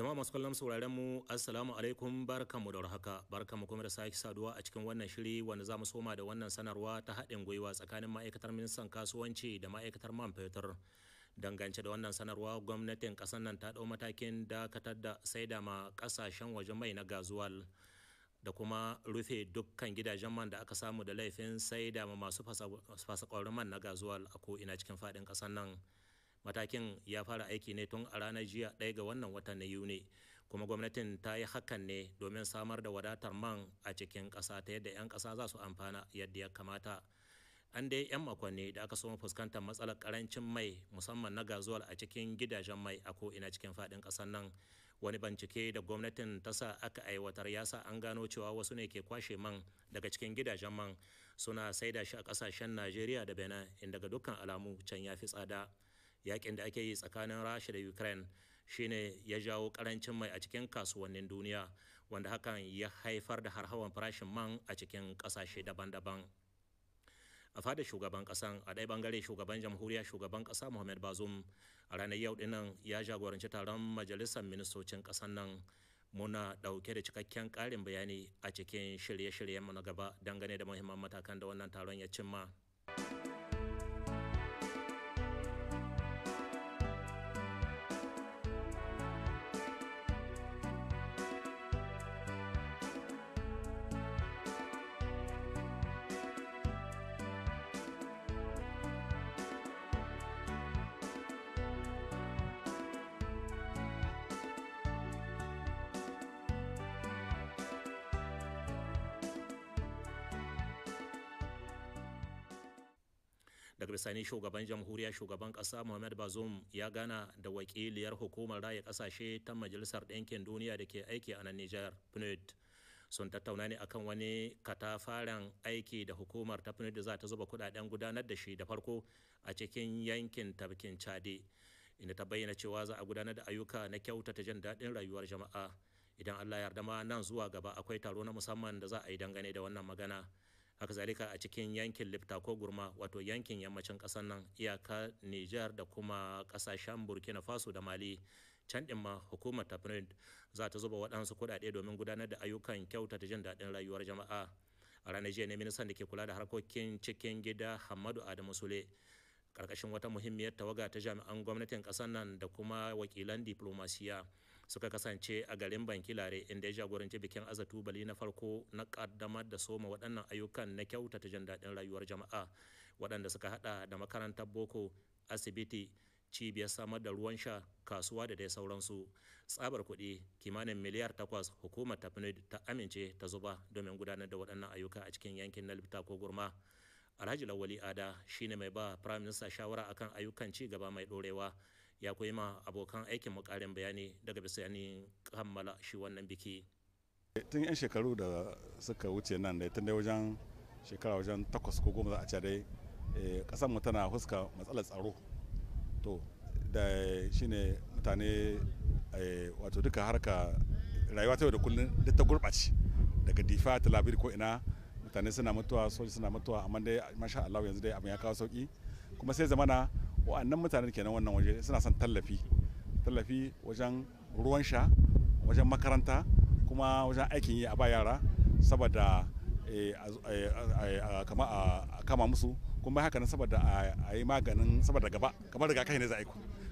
Jama'a masu kallon sauraren mu Assalamu alaikum barkanmu da warhaka barkanmu kuma da sake saduwa a cikin wannan shiri wanda za mu soma da wannan sanarwa ta haɗin gwiwa tsakanin ma'aikatar ministan kasuwanci da ma'aikatar man fetur. Dangance da wannan sanarwa gwamnatin ƙasar nan ta dau matakin dakatar da saida ma ƙasashen waje mai na gazuwal. da kuma rufe dukkan gidajen man da aka samu da laifin saida ma masu fasa man na gazuwal a ko ina cikin faɗin ƙasar nan. matakin ya fara aiki ne tun a ranar jiya ɗaya ga wannan watan na yuni kuma gwamnatin ta yi hakan ne domin samar da wadatar man a cikin ƙasa ta yadda 'yan ƙasa za su amfana yadda ya kamata an dai 'yan makonni da aka soma fuskantar matsalar karancin mai musamman na gazuwar a cikin gidajen mai a ko'ina cikin faɗin ƙasar nan wani bincike da gwamnatin ta sa aka aiwatar ya sa an gano cewa wasu ne ke kwashe man daga cikin gidajen man suna saida shi a ƙasashen najeriya da benin inda ga dukkan alamu can ya fi tsada yakin da ake yi tsakanin rasha da ukraine shine ya jawo karancin mai a cikin kasuwannin duniya wanda hakan ya haifar da harhawan farashin man a cikin kasashe daban-daban a fadar shugaban kasan a ɗaya bangare shugaban jamhuriya shugaban kasa muhammad bazum a ranar yau dinnan ya jagoranci taron majalisar ministocin kasan nan muna ɗauke da cikakken ƙarin bayani a cikin shirye shiryen na gaba dangane da muhimman matakan da wannan taron ya cimma. daga bisani shugaban jamhuriya shugaban kasa muhammad bazoum ya gana da wakiliyar hukumar raya kasashe ta majalisar ɗinkin duniya da ke aiki a nan nijar pnud e sun tattauna ne akan wani katafaren aiki da hukumar ta pnud e za ta zuba kudaden gudanar da shi da farko a cikin yankin tafkin chade inda ta bayyana cewa za a gudanar da ayyuka na kyautata jin daɗin rayuwar jama'a idan allah yarda ma nan zuwa gaba akwai taro na musamman da za a yi dangane da wannan magana haka zalika a cikin yankin lifta ko gurma wato yankin yammacin kasar nan iyaka niger da kuma kasashen burkina faso da mali can din ma hukumar tafrid za ta zuba waɗansu kuɗaɗe domin gudanar da ayyukan kyauta ta jin daɗin rayuwar jama'a a ranar jiya ne ministan da ke kula da harkokin cikin gida hamadu adamu sule karkashin wata muhimmiyar tawaga ta jami'an gwamnatin ƙasar nan da kuma wakilan diplomasiya suka kasance a garin Banki bankilare inda ya jagoranci bikin azatubali na farko na kaddamar da soma waɗannan ayyukan na kyautata jin daɗin rayuwar jama'a waɗanda suka haɗa da makarantar boko asibiti cibiyar samar da ruwan sha kasuwa da dai sauransu tsabar kuɗi kimanin miliyar takwas hukumar tafnid ta amince ta zuba domin gudanar da waɗannan ayyuka a cikin yankin na lipta ko gurma alhaji lawali ada shine mai ba prime minister shawara akan ayyukan ci gaba mai ɗorewa ya koyi ma abokan aikin mu karin bayani daga bisani kammala shi wannan biki tun yan shekaru da suka wuce nan da tun dai wajen shekara wajen takwas ko goma za a ce dai kasar eh, mu tana huska matsalar tsaro to da shine mutane eh, wato duka harka rayuwa ta yau da kullum duk ta gurɓace daga difa talabir ko ina mutane suna mutuwa soji suna mutuwa amma dai masha Allah yanzu dai abin ya kawo sauki kuma sai zamana wa'annan mutanen kenan wannan waje suna son tallafi tallafi wajen ruwan sha wajen makaranta kuma wajen aikin yi a ba yara saboda a kama musu kuma haka nan saboda a yi maganin saboda gaba kamar daga kai ne za a yi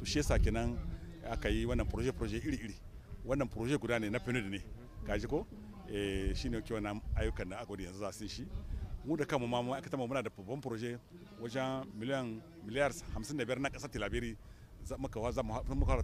to shi yasa kenan aka yi wannan proje proje iri iri wannan proje guda ne na PNUD ne kaji ko eh, shine ke wannan ayyukan da aka yanzu za su shi mu da kanmu ma ma'aikata mu muna da babban proje wajen miliyan miliyar 55 na kasar tilabiri mu wa za mu kawo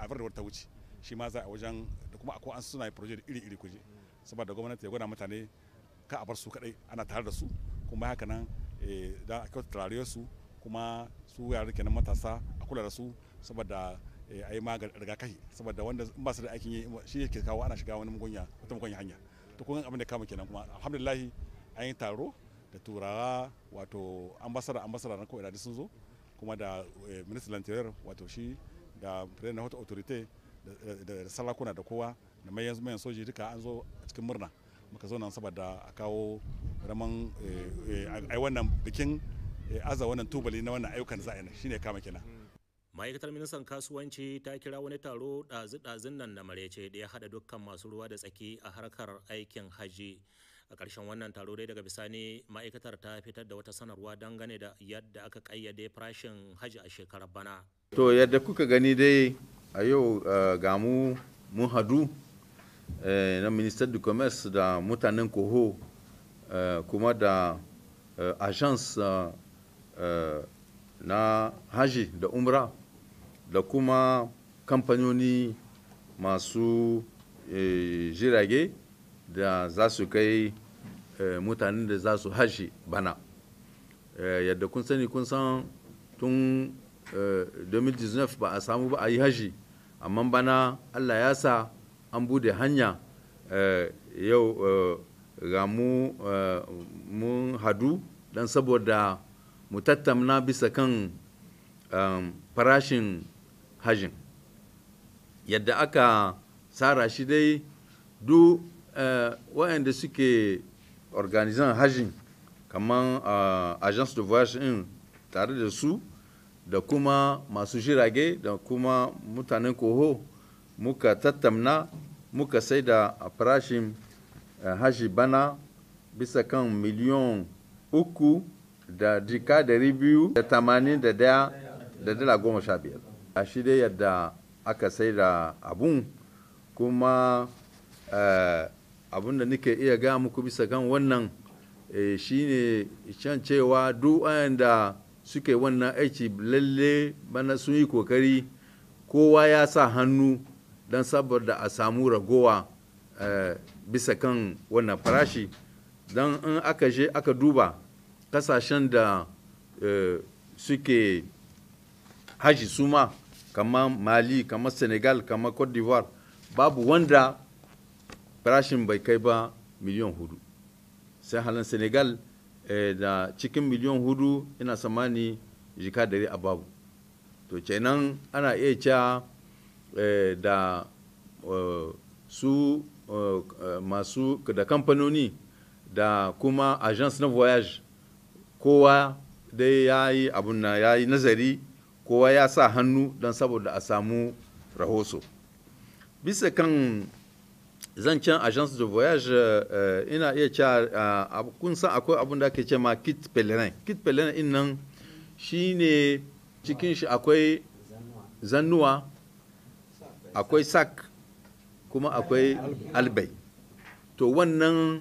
a bar da wata wuce shi ma za a wajen da kuma akwai an suna proje da iri iri kuje saboda gwamnati ya gwada mutane ka a bar su kadai ana tare da su kuma haka nan da eh, a kyauta tarare su kuma su yara kenan matasa a kula da su saboda eh, a yi magani rigakafi saboda wanda ba su da aikin yi shi yake kawo ana shiga wani mugunya wata mugunya hanya to kun abin da kama kenan kuma alhamdulillah an yi taro da turawa wato ambasada ambasada na ko'ina sun zo kuma da eh, ministan interior wato shi da president hoto autorite da salakuna da kowa da mayan soji duka an zo a cikin murna muka zo nan saboda a kawo raman eh, eh, ai wannan bikin aza wannan tubali na wannan ayyukan za'a yi shine kama kenan ma'aikatar ministan kasuwanci ta kira wani taro ɗazu-ɗazun nan da marece da ya haɗa dukkan masu ruwa da tsaki a harkar aikin hajji a ƙarshen wannan taro dai daga bisani ma'aikatar ta fitar da wata sanarwa dangane da yadda aka ƙayyade farashin hajji a shekarar bana to yadda kuka gani dai a yau eh, ga mu mun hadu eh, na minister du commerce da mutanen koho eh, kuma da agence na haji da umra da kuma kamfanoni masu jirage da za su kai eh, mutanen da za su hashi bana eh, yadda kun sani kun san tun 2019 eh, ba a samu ba a yi hashi amma bana allah ya sa an bude hanya yau ga mu hadu don saboda mu tattauna bisa kan farashin hajin yadda aka tsara shi dai duk Euh, waɗanda suke organizan hajjin kamar ah, agence de voyage in tare da su da kuma masu jirage da kuma mutanen koho muka tattamna muka sai da farashin eh, hajji bana bisa kan miliyon uku da jika dari biyu da tamanin da daya da dala goma sha biyar a shi dai yadda aka sai da abun kuma eh, abinda nake iya ga muku bisa kan wannan e, shine can cewa duk da suke wannan aiki lalle bana sun yi kokari kowa ya sa hannu don saboda a samu ragowa eh, bisa kan wannan farashi don in aka je aka duba kasashen da eh, suke haji suma kama mali kama senegal kama cote d'ivoire babu wanda farashin bai kai ba miliyan hudu sai halin senegal eh, da cikin miliyan hudu ina samani jika dare a babu to kenan ana iya cewa eh, da eh, su masu da kamfanoni da kuma agence na voyage kowa dai ya yi abun na ya yi nazari kowa ya sa hannu don saboda a samu rahoso bisa kan zancen agence de voyage eh, ina iya cewa eh, kun san akwai abun da ake ce ma kit pelerin kit pelerin in nan shi ne cikin shi akwai zannuwa akwai sak kuma akwai albai to wannan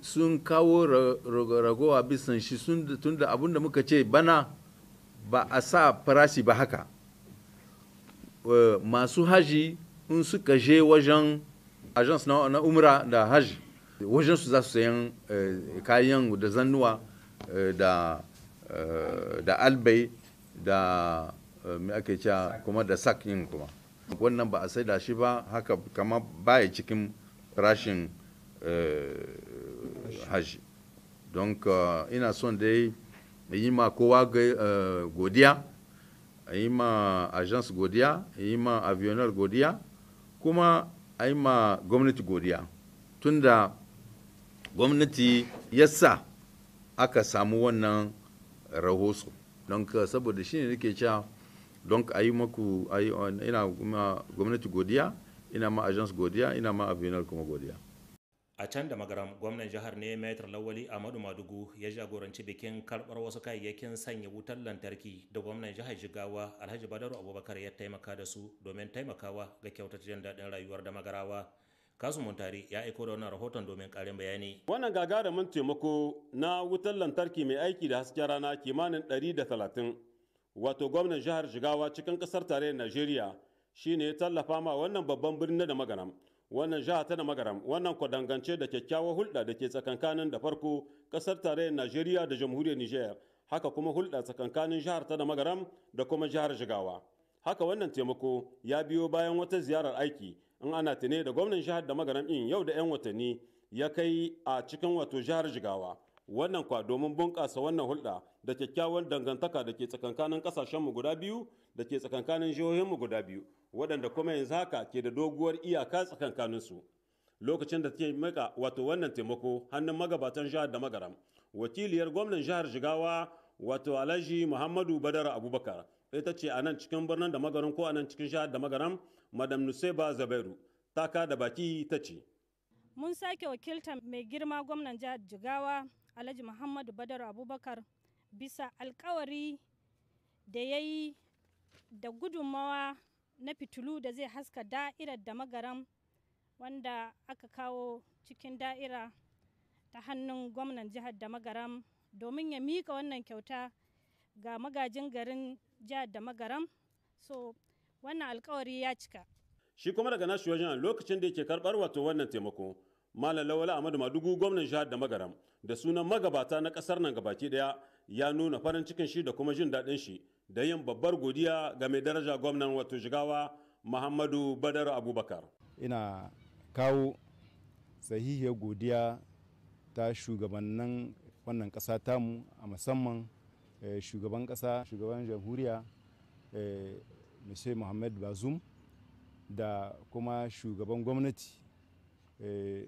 sun kawo ragowa bisan shi tun da abun da muka ce bana ba a sa farashi ba haka eh, masu haji in suka je wajen agence na umra da hajj wajen su za su sayan eh, kayan da zannuwa eh, da eh, da albai da me ake cewa kuma da sak yin kuma wannan ba a sai da shi ba haka kama baya cikin farashin hajji don ina son da yi ma kowa godiya yi ma agence godiya yi ma avionar godiya kuma ai ma gwamnati godiya tunda gwamnati ya sa aka samu wannan rahoso don ka saboda shine nake cewa don ka yi maku ina gwamnati godiya ina ma agence godiya ina ma abinar kuma godiya a can da magaram gwamnan jihar ne maitar lawali amadu madugu ya jagoranci bikin karbar wasu kayayyakin sanya wutar lantarki da gwamnan jihar jigawa alhaji badaru abubakar ya taimaka da su domin taimakawa ga kyautata jin daɗin rayuwar da magarawa kasu muntari ya aiko da wannan rahoton domin karin bayani wannan gagarumin taimako na wutar lantarki mai aiki da hasken rana kimanin da talatin wato gwamnan jihar jigawa cikin ƙasar tarayyar najeriya shine ya tallafa ma wannan babban birnin da magaram wannan jiha ta na magaram wannan ko dangance da kyakkyawar hulɗa da ke tsakankanin da farko ƙasar tarayyar najeriya da jamhuriyar niger haka kuma hulɗa tsakankanin jihar ta da magaram da kuma jihar jigawa haka wannan taimako ya biyo bayan wata ziyarar aiki in ana tune da gwamnan jihar da magaram in yau da 'yan watanni ya kai a cikin wato jihar jigawa wannan kwa domin bunƙasa wannan hulɗa da kyakkyawar dangantaka da ke tsakankanin ƙasashenmu guda biyu da ke tsakankanin jihohinmu guda biyu waɗanda kuma yanzu haka ke da doguwar iyaka tsakankaninsu lokacin da take maka wato wannan taimako hannun magabatan jihar da magaram wakiliyar gwamnan jihar jigawa wato alhaji muhammadu Badar abubakar ita ce a nan cikin birnin da magaram ko a nan cikin jihar da magaram madam nuseba zabairu ta da baki ta ce mun sake wakiltar mai girma gwamnan jihar jigawa alhaji muhammadu badar abubakar bisa alkawari da ya yi da gudunmawa na fitilu da zai haska da'irar da magaram wanda aka kawo cikin da'ira ta hannun gwamnan jihar da magaram domin ya mika wannan kyauta ga magajin garin jihar da magaram so wannan alkawari ya cika shi kuma daga nashi wajen lokacin da yake karbar wato wannan taimako Malam Lawala Ahmadu Madugu gwamnan jihar da Magaram da sunan magabata na kasar nan gabaki daya ya nuna farin cikin shi da kuma jin daɗin shi da yin babbar godiya ga mai daraja gwamnan wato jigawa Muhammadu Badar Abubakar. Ina kawo sahihiyar godiya ta shugabannin wannan ƙasa mu a musamman eh, shugaban kasa shugaban jamhuriya eh, Monsieur Muhammad bazum da kuma shugaban gwamnati eh,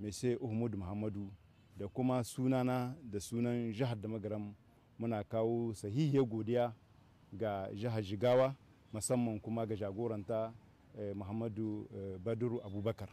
mai sai uhmud muhammadu da kuma sunana da sunan jihar da magaram muna kawo sahihiyar godiya ga jihar jigawa musamman kuma ga jagoranta eh, muhammadu eh, baduru abubakar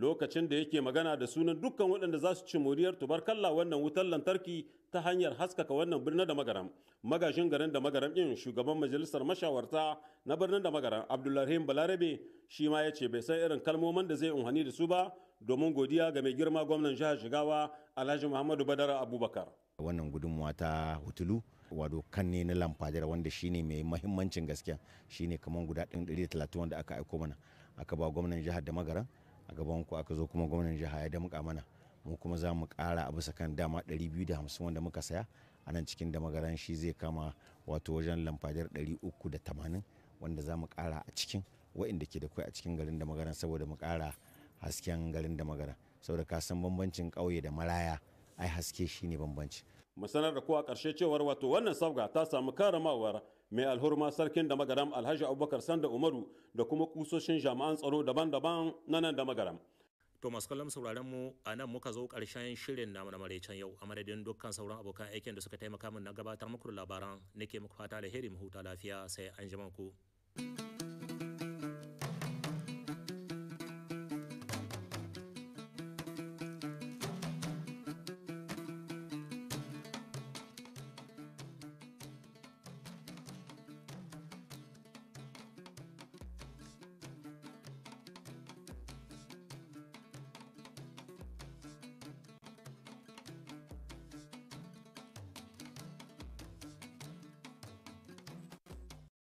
lokacin da yake magana da sunan dukkan waɗanda za su ci moriyar tubarkalla wannan wutar lantarki ta hanyar haskaka wannan birnin da magaram magashin garin da magaram ɗin shugaban majalisar mashawarta na birnin da magaram abdullahim balarabe shi ma ya ce bai san irin kalmomin da zai unhani da su ba domin godiya ga mai girma gwamnan jihar shigawa alhaji muhammadu badara abubakar wannan gudunmuwa ta hutulu wado kan ne na lamfajar wanda shine mai mahimmancin gaskiya shine kamar guda 130 wanda aka aiko mana aka ba gwamnan jihar da magaran a gaban ku aka zo kuma gwamnan jiha ya damƙa mana mu kuma za mu ƙara a bisa kan dama 250 wanda muka saya a nan cikin damagaran shi zai kama wato wajen lamfadar 380 wanda za mu ƙara a cikin wa'inda ke da kai a cikin garin damagaran saboda mu ƙara hasken garin damagaran saboda ka san bambancin ƙauye da maraya ai haske shi ne bambanci mu sanar da kowa karshe cewar wato wannan sabga ta samu karamawar mai alhurma sarkin da magaram alhaji abubakar sanda umaru da kuma kusoshin jami'an tsaro daban-daban na nan da magaram to masu kallon sauraron mu a nan muka zo karshen shirin namu na maraicen yau a madadin dukkan sauran abokan aikin da suka taimaka min na gabatar muku labaran nake muku fata da mu huta lafiya sai an ku.